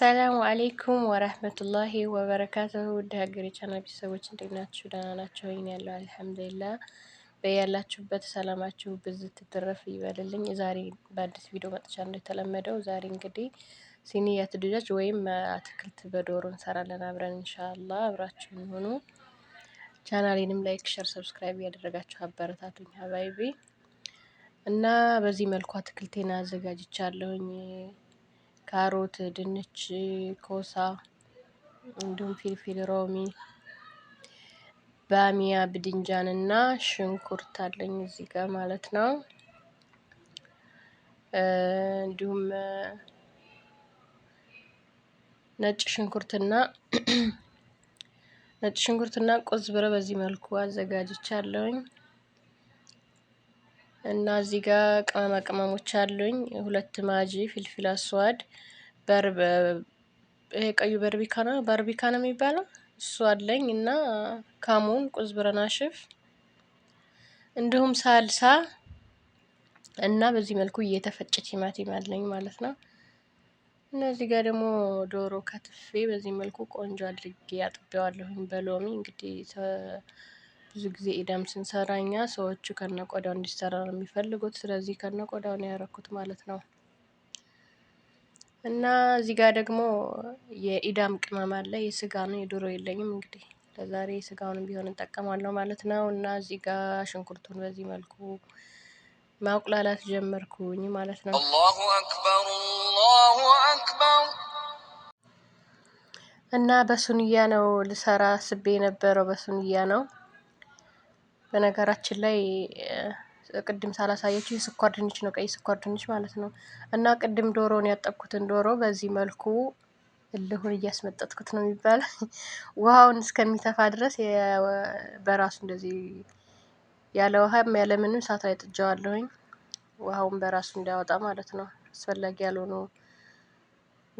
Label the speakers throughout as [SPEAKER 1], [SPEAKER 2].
[SPEAKER 1] አሰላሙ አሌይኩም ወረህመቱላሂ ወበረካቱሁ ውድ ሀገሬ ቻና ቤተሰቦች እንዴት ናችሁ? ደህና ናችሁ? ይህን ያለው አልሐምዱሊላ። በያላችሁበት ሰላማችሁ ብዙ ትትረፍ ይበልልኝ። ዛሬ በአዲስ ቪዲዮ መጥቻለሁ። እንደተለመደው ዛሬ እንግዲህ ሲኒያ ትድጃጅ ወይም አትክልት በዶሮ እንሰራለን አብረን እንሻላ። አብራችሁን ሆኑ። ቻናሌንም ላይክ፣ ሸር፣ ሰብስክራይብ ያደረጋችሁ አበረታቱኝ ሀባይቢ እና በዚህ መልኩ አትክልቴን አዘጋጅቻለሁኝ። ካሮት፣ ድንች፣ ኮሳ እንዲሁም ፊልፊል ሮሚ፣ ባሚያ፣ ብድንጃን እና ሽንኩርት አለኝ እዚህ ጋር ማለት ነው። እንዲሁም ነጭ ሽንኩርትና ነጭ ሽንኩርትና ቆዝ ብረ በዚህ መልኩ አዘጋጅቻለሁኝ። እና እዚህ ጋር ቅመማ ቅመሞች አሉኝ። ሁለት ማጂ፣ ፍልፍል አስዋድ፣ በርበ ይሄ ቀዩ በርቢካ ነው በርቢካ ነው የሚባለው እሱ አለኝ እና ካሙን፣ ቁዝብረ ናሽፍ እንዲሁም ሳልሳ እና በዚህ መልኩ እየተፈጨ ቲማቲም አለኝ ማለት ነው። እና እዚህ ጋር ደግሞ ዶሮ ከትፌ በዚህ መልኩ ቆንጆ አድርጌ አጥቤዋለሁኝ በሎሚ እንግዲህ ብዙ ጊዜ ኢዳም ስንሰራ እኛ ሰዎቹ ቆዳው እንዲሰራ ነው የሚፈልጉት። ስለዚህ ከነቆዳው ነው ያረኩት ማለት ነው። እና እዚህ ጋር ደግሞ የኢዳም ቅመም አለ። የስጋ ነው፣ የዶሮ የለኝም። እንግዲህ ለዛሬ ስጋውን ቢሆን እንጠቀማለሁ ማለት ነው። እና እዚህ ጋር ሽንኩርቱን በዚህ መልኩ ማቁላላት ጀመርኩኝ ማለት ነው።
[SPEAKER 2] አላሁ አክበር አላሁ አክበር።
[SPEAKER 1] እና በሱንያ ነው ልሰራ አስቤ የነበረው፣ በሱንያ ነው በነገራችን ላይ ቅድም ሳላሳያችሁ የስኳር ድንች ነው፣ ቀይ ስኳር ድንች ማለት ነው። እና ቅድም ዶሮን ያጠብኩትን ዶሮ በዚህ መልኩ እልሁን እያስመጠጥኩት ነው የሚባለ ውሃውን እስከሚተፋ ድረስ በራሱ እንደዚህ ያለ ውሃም ያለ ምንም ሳት ላይ ጥጃዋለሁኝ። ውሃውን በራሱ እንዳያወጣ ማለት ነው። አስፈላጊ ያልሆኑ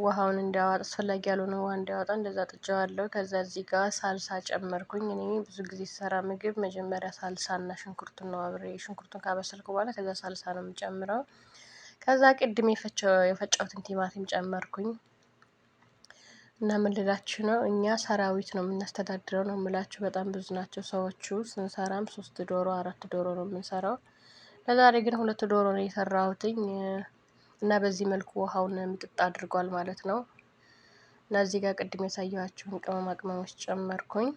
[SPEAKER 1] ውሃውን እንዲያወጣ አስፈላጊ ያልሆነ ውሃ እንዲያወጣ እንደዛ ጥጄዋለሁ። ከዛ እዚህ ጋር ሳልሳ ጨመርኩኝ እኔ ብዙ ጊዜ ስሰራ ምግብ መጀመሪያ ሳልሳና ሽንኩርቱን ነው አብሬ ሽንኩርቱን ካበሰልኩ በኋላ ከዛ ሳልሳ ነው የምጨምረው። ከዛ ቅድም የፈጨሁትን ቲማቲም ጨመርኩኝ። እና ምን ልላችሁ ነው እኛ ሰራዊት ነው የምናስተዳድረው ነው የምላችሁ በጣም ብዙ ናቸው ሰዎቹ ስንሰራም ሶስት ዶሮ አራት ዶሮ ነው የምንሰራው። ለዛሬ ግን ሁለት ዶሮ ነው የሰራሁትኝ እና በዚህ መልኩ ውሃውን ምጥጥ አድርጓል ማለት ነው። እና እዚህ ጋር ቅድም ያሳየኋችሁን ቅመማ ቅመሞች ጨመርኩኝ።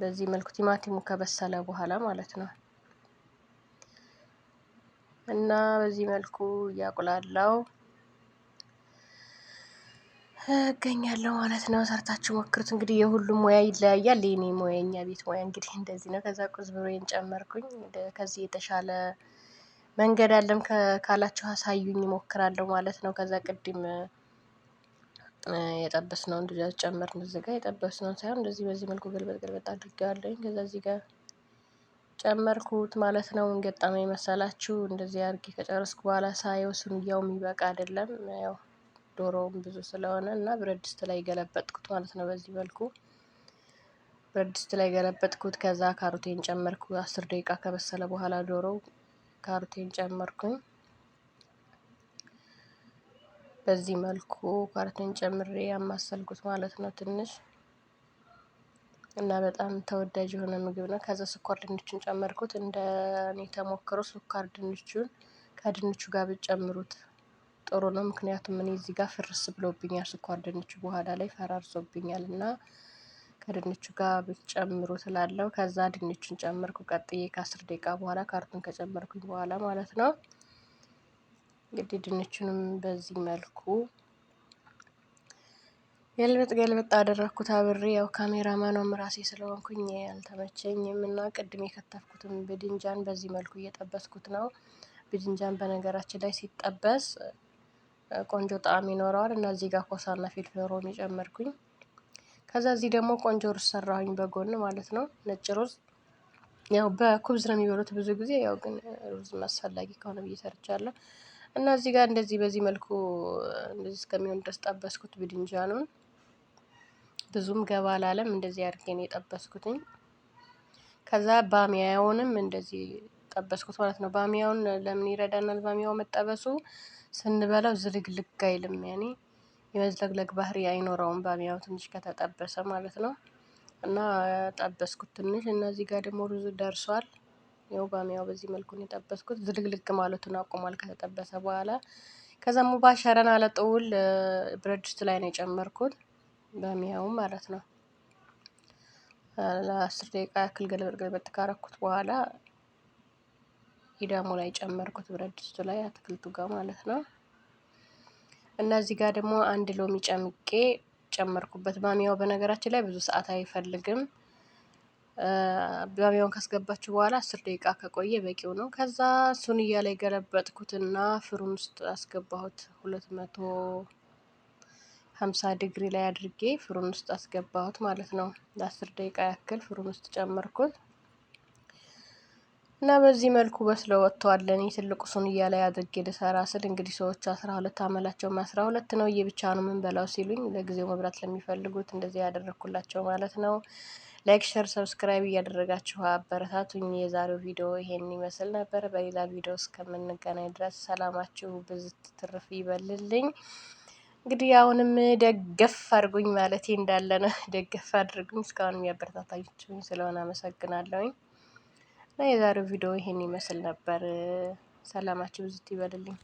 [SPEAKER 1] በዚህ መልኩ ቲማቲሙ ከበሰለ በኋላ ማለት ነው። እና በዚህ መልኩ እያቁላላው እገኛለሁ ማለት ነው። ሰርታችሁ ሞክሩት። እንግዲህ የሁሉም ሙያ ይለያያል። የኔ ሙያ የኛ ቤት ሙያ እንግዲህ እንደዚህ ነው። ከዛ ቁዝብሬን ጨመርኩኝ። ከዚህ የተሻለ መንገድ አለም ካላችሁ አሳዩኝ እሞክራለሁ ማለት ነው። ከዛ ቅድም የጠበስ ነው እንደዚህ ጨመርን ንዝጋ የጠበስ ነው ሳይሆን እንደዚህ በዚህ መልኩ ገልበጥ ገልበጥ አድርጌዋለሁኝ ከዛ እዚህ ጋር ጨመርኩት ማለት ነው። ምን ገጠመኝ መሰላችሁ? እንደዚህ አድርጌ ከጨረስኩ በኋላ ሳየው ስንያው የሚበቃ አይደለም ያው ዶሮውም ብዙ ስለሆነ እና ብረት ድስት ላይ ገለበጥኩት ማለት ነው። በዚህ መልኩ ብረት ድስት ላይ ገለበጥኩት ከዛ ካሮቴን ጨመርኩ አስር ደቂቃ ከበሰለ በኋላ ዶሮው ካሮቴን ጨመርኩኝ። በዚህ መልኩ ካሮቴን ጨምሬ ያማሰልኩት ማለት ነው ትንሽ እና በጣም ተወዳጅ የሆነ ምግብ ነው። ከዛ ስኳር ድንቹን ጨመርኩት። እንደ እኔ ተሞክሮ ስኳር ድንቹን ከድንቹ ጋር ብጨምሩት ጥሩ ነው። ምክንያቱም እኔ እዚህ ጋር ፍርስ ብሎብኛል ስኳር ድንቹ በኋላ ላይ ፈራርሶብኛል እና ከድንቹ ጋር ብትጨምሩ ስላለው ከዛ ድንቹን ጨመርኩ። ቀጥዬ ከአስር ደቂቃ በኋላ ካርቱን ከጨመርኩኝ በኋላ ማለት ነው። እንግዲህ ድንቹንም በዚህ መልኩ ገልበጥ ገልበጥ አደረግኩት አብሬ። ያው ካሜራማኗም ራሴ ስለሆንኩኝ አልተመቸኝም እና ቅድም የከተፍኩትም ብድንጃን በዚህ መልኩ እየጠበስኩት ነው። ብድንጃን በነገራችን ላይ ሲጠበስ ቆንጆ ጣዕም ይኖረዋል እና እዚህ ጋር ኮሳና ፊልፊል ሮሚ ጨመርኩኝ። ከዛ እዚህ ደግሞ ቆንጆ ሩዝ ሰራሁኝ በጎን ማለት ነው። ነጭ ሩዝ ያው በኩብዝ ነው የሚበሉት ብዙ ጊዜ ያው ግን ሩዝ አስፈላጊ ከሆነ ብዬ ሰርቻለሁ። እና እዚህ ጋር እንደዚህ በዚህ መልኩ እንደዚህ እስከሚሆን ድረስ ጠበስኩት ብድንጃኑን። ብዙም ገባ አላለም። እንደዚህ አድርጌ ነው የጠበስኩትኝ። ከዛ ባሚያውንም እንደዚህ ጠበስኩት ማለት ነው። ባሚያውን ለምን ይረዳናል? ባሚያው መጠበሱ ስንበላው ዝልግልግ አይልም ያኔ የመዝለግለግ ባህሪ አይኖረውም ባሚያው ትንሽ ከተጠበሰ ማለት ነው። እና ጠበስኩት ትንሽ እነዚህ ጋር ደግሞ ሩዝ ደርሷል። ይኸው ባሚያው በዚህ መልኩ ነው የጠበስኩት ዝልግልግ ማለቱን አቁሟል ከተጠበሰ በኋላ። ከዛ ሙባሸረን አለጠውል ብረት ድስት ላይ ነው የጨመርኩት ባሚያውን ማለት ነው። ለአስር ደቂቃ ያክል ገልበጥ ገልበጥ ካረኩት በኋላ ኢዳሙ ላይ ጨመርኩት ብረት ድስቱ ላይ አትክልቱ ጋር ማለት ነው እና እዚህ ጋር ደግሞ አንድ ሎሚ ጨምቄ ጨመርኩበት። ባሚያው በነገራችን ላይ ብዙ ሰዓት አይፈልግም። ባሚያውን ካስገባችሁ በኋላ አስር ደቂቃ ከቆየ በቂው ነው። ከዛ ሱንያ ላይ ገለበጥኩትና ፍሩን ውስጥ አስገባሁት ሁለት መቶ ሀምሳ ዲግሪ ላይ አድርጌ ፍሩን ውስጥ አስገባሁት ማለት ነው። ለአስር ደቂቃ ያክል ፍሩን ውስጥ ጨመርኩት። እና በዚህ መልኩ በስለ ወጥተዋለን። እኔ ትልቁ ሱንያ ላይ አድርጌ ልሰራ ስል እንግዲህ ሰዎች አስራ ሁለት አመላቸውም አስራ ሁለት ነው እየብቻ ነው ምን በላው ሲሉኝ ለጊዜው መብራት ለሚፈልጉት እንደዚህ ያደረግኩላቸው ማለት ነው። ላይክ ሸር ሰብስክራይብ እያደረጋችሁ አበረታቱኝ። የዛሬው ቪዲዮ ይሄን ይመስል ነበር። በሌላ ቪዲዮ እስከምንገናኝ ድረስ ሰላማችሁ ብዝት ትርፍ ይበልልኝ። እንግዲህ አሁንም ደገፍ አድርጉኝ ማለት እንዳለ ነው። ደገፍ አድርጉኝ። እስካሁን የሚያበረታታችሁኝ ስለሆነ አመሰግናለሁኝ። የዛሬው ቪዲዮ ይሄን ይመስል ነበር። ሰላማችሁ ብዙ ይበልልኝ።